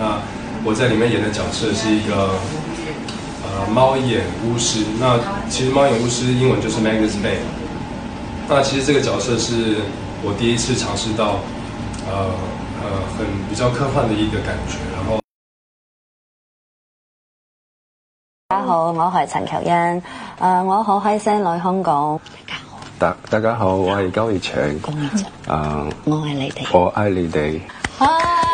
那我在裏面演的角色是一個，呃貓眼巫師，那其實貓眼巫師英文就是 Maggie Smith。那其實這個角色是我第一次嘗試到，呃呃很比較科幻的一個感覺。然後，大家好，我係陳喬恩。誒、呃，我好開心來香港。大家好，大大家好，我係高以翔，誒，高我愛你哋。我愛你哋。